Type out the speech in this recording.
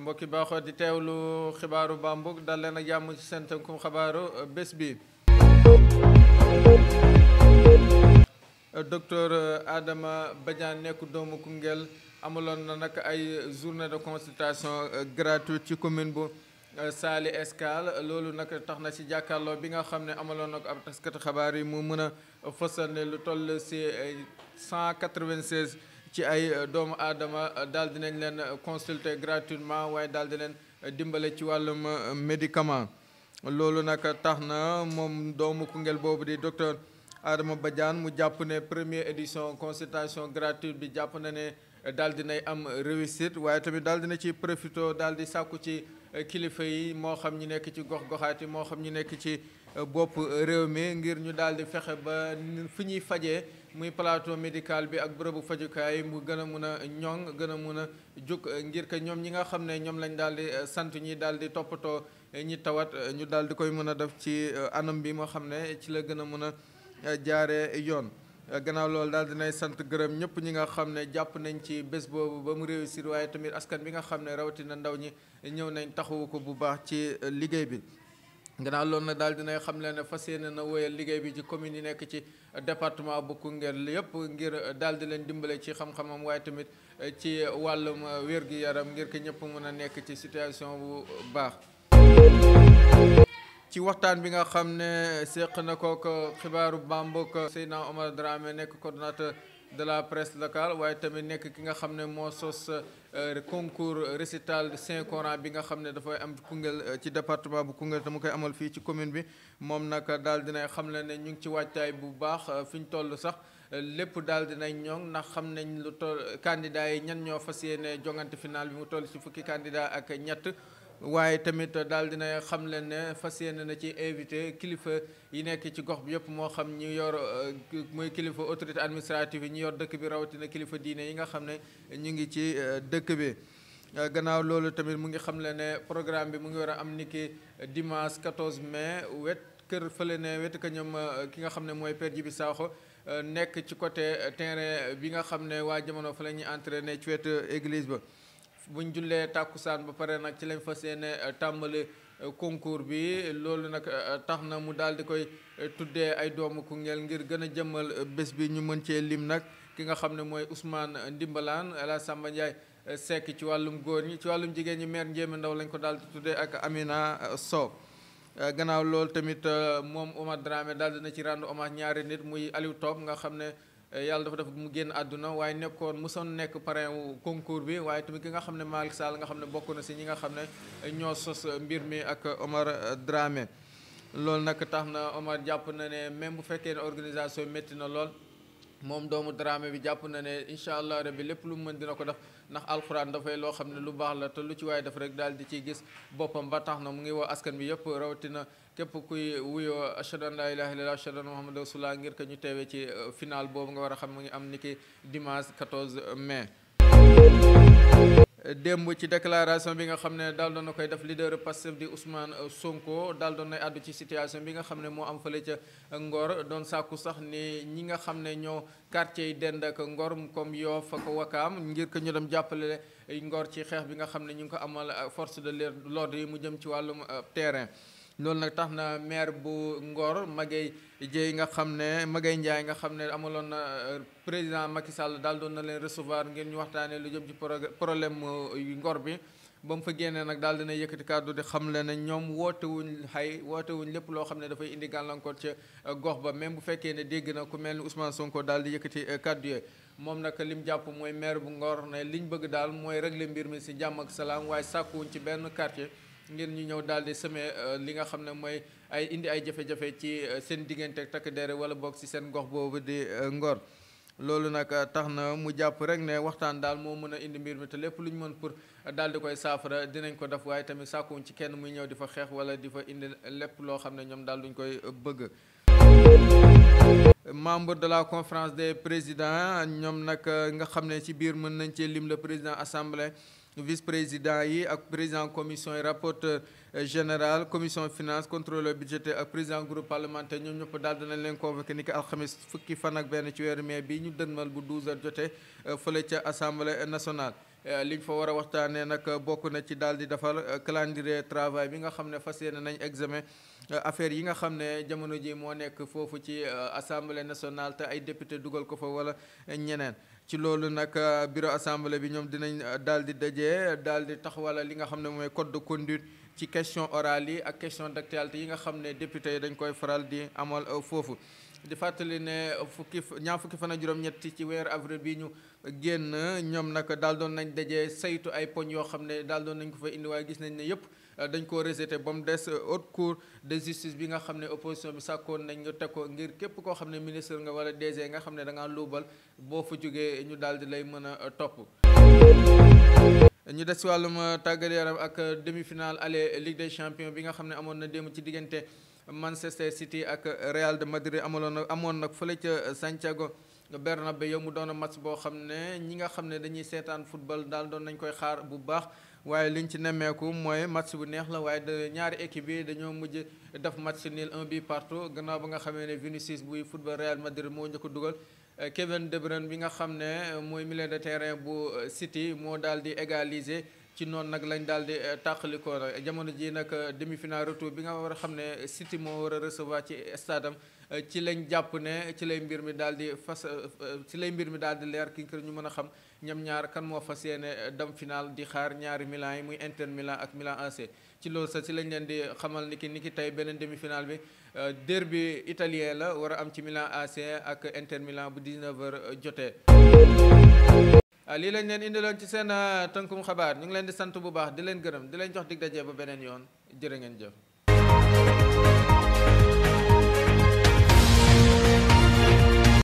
mbokki baaxoo di teewlu xibaaru bambuk dal leen ak jàmm ci seen tënkum xabaaru euh, bés bi euh, docteur aadama euh, Badiane nekk doomu Koungheul amaloon na nag ay journée de consultation gratuite ci commune bu Saly Escale loolu nag tax na ci jàkkaarloo bi nga xam ne amaloon na ko ab taskati xabaar yi mu mën a fësal ne lu toll ci 196 ci ay euh, doomu aadama euh, daal dinañ leen euh, consulter gratuitement waaye daal di leen dimbale ci wàllum médicament loolu nag tax na moom doomu Koungheul boobu di docteur Adama Badiane mu jàpp ne premier édition consultation gratuite bi jàpp na ne daal dinay am réussite waaye tamit daal dina ci profito daal di sàkku ci eh, kilifa yi moo xam ñu nekk ci gox goxaati moo xam ñu nekk ci eh, bopp eh, réew mi ngir ñu daal di fexe ba fi ñuy fajee muy plateau médical bi ak bërëbu fajukaay mu gën a mun a ñoŋ gën a mun a jug ngir que ñoom ñi nga xam ne ñoom lañ daal di sant ñi daal di toppatoo ñi tawat ñu daal di koy mën a def ci anam bi moo xam ne ci la gën a mun a jaare yoon. gannaaw loolu daal dinay sant gërëm ñëpp ñi nga xam ne jàpp nañ ci bés boobu ba mu réussir waaye tamit askan bi nga xam ne rawatina ndaw ñi ñëw nañ taxawu ko bu baax ci liggéey bi. gannaaw loolu nag daal dinay xam leen ne fas yéene na wéyal liggéey bi ci commune yi nekk ci département bu Koungheul yëpp ngir daal di leen dimbale ci xam-xamam waaye tamit ci wàllum wér-gi-yaram ngir ko ñëpp mën a nekk ci situation bu baax. ci waxtaan bi nga xam ne séq na kook xibaaru bambok Seydina Omar Dramé nekk coordonnateur de la presse locale waaye tamit nekk ki nga xam ne moo sos euh, concours récital Saint courant bi nga xam ne dafay am Koungheul euh, ci département bu Koungheul te mu koy amal fii ci commune bi moom nag daal dinay xam le ne ñu ngi ci waajtaay bu baax euh, fi ñu toll sax lépp daal dinay ñoŋ ndax xam nañ lu toll candidat yi ñan ñoo fas yéene jongante final bi mu toll ci fukki candidat ak ñett waaye tamit daal dina xam leen ne fas yéene na ci invité kilifa yi nekk ci gox bi yëpp moo xam ñu yor euh, muy kilifa autorité administrative yi ñu yor dëkk bi rawatina kilifa diine yi nga xam ne ñu ngi ci euh, dëkk bi. Euh, gannaaw loolu tamit mu ngi xam le ne programme bi mu ngi war a am niki dimanche 14 mais wet kër fële ne wet ka ñoom ki nga xam ne mooy per Djibi Sakho nekk ci côté terrain bi nga xam ne waa jamono fa la ñuy entraîné ci wetu église ba. buñ jullee tàkkusaan ba pare nag ci lañ fas yéene euh, tàmbali euh, concours bi loolu nag euh, tax na mu daal di koy tuddee ay doomu Koungheul ngir gën a jëmmal bés bi ñu mën cee lim nag ki nga xam ne mooy Ousmane Ndimbalaan laa Samba Ndiaye sekk ci wàllum góor ñi ci wàllum jigéen ñi maire Ndiémé Ndaw lañ ko daal di tuddee ak Amina soow gannaaw loolu tamit moom Omar Dramé daal dina ci rendre hommage ñaari nit muy Aliou Top nga xam ne Eh, yàlla dafa def mu génn àdduna waaye nekkoon mu mosoon nekk parrain wu concours bi waaye tamit ki nga xam ne Malick Sall nga xam ne bokk na si ñi nga xam ne eh, ñoo sos eh, mbir mi ak Omar Dramé. loolu nag tax na Omar jàpp na ne même bu fekkee ne organisation métti na lool moom doomu Dramé bi jàpp na ne incha allah rabbi lépp lu mu mën dina ko def. ndax alxuraan dafay loo xam ne lu baax la te lu ci waaye def rek daal di ciy gis boppam ba tax na mu ngi wax askan bi yëpp rawatina képp kuy wuyoo ashhadu an laa ilaaha illallaah ashhadu anna ngir ko ñu teewee ci euh, final boobu nga war a xam mu ngi am niki dimanche 14 mai démb ci déclaration bi nga xam ne daal doon na koy def leader Pastef di Ousmane Sonko daal doon nay àddu ci situation bi nga xam ne moo am fële ca Ngor doon sàkku sax ni ñi nga xam ne ñoo quartier yi dend ak Ngor comme Yoff ak Wakaam ngir ko ñu dem jàppale Ngor ci xeex bi nga xam ne ñu ngi ko amal euh, force de l'ordre yi mu jëm ci wàllum euh, terrain loolu nag tax na maire bu Ngor Maguette Dieye nga xam ne Maguette Ndiaye nga xam ne amaloon na euh, président Macky Sall daal doon na leen recevoir ngeen ñu waxtaanee lu jëm ci problème euh, Ngor bi. ba mu fa génnee nag daal dina yëkkati kàddu di xam le ne ñoom wootewuñ xay wootewuñ lépp loo xam ne dafay indi gàllankoor ca euh, gox ba même bu fekkee ne dégg na ku mel ni Ousmane Sonko daal di yëkkati kàddu yooyu moom nag lim jàpp mooy maire bu Ngor ne liñ bëgg daal mooy régler mbir mi si jàmm ak salaam waaye ci benn quartier. ngir ñu ñëw daal di semer euh, li nga xam ne mooy ay indi ay jafe-jafe ci euh, seen diggante takk der wala boog si seen gox boobu di euh, Ngor. loolu nag tax na mu jàpp rek ne waxtaan daal moo mën a indi mbir mi te lépp lu ñu mën pour daal di koy saafara dinañ ko def waaye tamit sàkkuwuñ ci kenn muy ñëw di fa xeex wala di fa indi lépp loo xam ne ñoom daal duñ koy bëgg. membre de la conférence des président ñoom nag nga xam ne ci biir mën nañ cee lim le président assemblée. vice président yi ak président commission yi rapporteur euh, général commission finance contrôleur budgétaire ak président groupe parlementaire ñoom ñëpp daal dinañ leen convoqué ni ki alxamis fukki fan ak benn ci weer mai bi ñu dënmal bu 12 jotee euh, fële ca assemblée nationale euh, li ñu fa war a waxtaanee nag bokk na ci daal di defar calendrier travail bi nga xam ne fas yéene nañ examen Euh, affaire yi nga xam ne jamono ji moo nekk foofu ci euh, assemblée nationale te ay député dugal ko fa wala ñeneen ci loolu nag euh, bureau assemblée bi ñoom dinañ daal di dajee daal di taxawal li nga xam ne mooy code de conduite ci question orale yi ak question d'actualité yi nga xam ne député yi dañ koy faral di amal foofu di fàttali ne fukki ñaar fukki fan ak juróom-ñetti ci weer avril bi ñu génn ñoom nag daal doon nañ dajee saytu ay poñ yoo xam ne daal doon nañ ko fa indi waaye gis nañ ne yëpp dañ ko rejeté ba mu des euh, haute cour de justice bi nga xam ne opposition bi sàkkoon nañ nga teg ko ngir képp koo xam ne ministre nga wala DG nga xam ne da ngaa luubal boo fa jógee ñu daal di lay mën a euh, topp. ñu des si wàllum euh, tàggat yaram ak demi-finale aller Ligue des champions bi nga xam ne amoon na démb ci diggante Manchester City ak Real de Madrid amaloon na amoon nag fële ca Santiago Bernabéu yow mu doon match boo xam ne ñi nga xam ne dañuy seetaan football daal doon koy xaar bu baax. waaye liñ ci nemmeeku mooy match bu neex la waaye de ñaari équipe yi dañoo mujj def match nil un bi partout gannaaw ba nga xamee ne Vinicius buy football Real Madrid moo njëkk dugal Kevin De bi nga xam ne mooy milieu de terrain bu City moo daal di égaliser ci noonu nag lañ daal di eh, tàqalikoo nag jamono ji nag eh, demi final retour bi nga war a xam ne City moo war a recevoir ci stade eh, ci lañ jàpp ne ci lay mbir mi daal di fas ci lay mbir mi daal di leer kii kër ñu mën a xam ñam ñaar kan moo fas yéene dem final di xaar ñaari Milan yi muy Inter Milan ak Milan AC ci loolu sax ci lañ leen di xamal ni ki ni ki tey beneen demi final bi derby italien la war a am ci Milan AC ak Inter Milan bu 19h jotee. Ah, lii lañ leen indiloon ci seen ah, tënkum xabaar ñu ngi leen di sant bu baax di leen gërëm di leen jox dig daje ba beneen yoon jërë ngeen jëf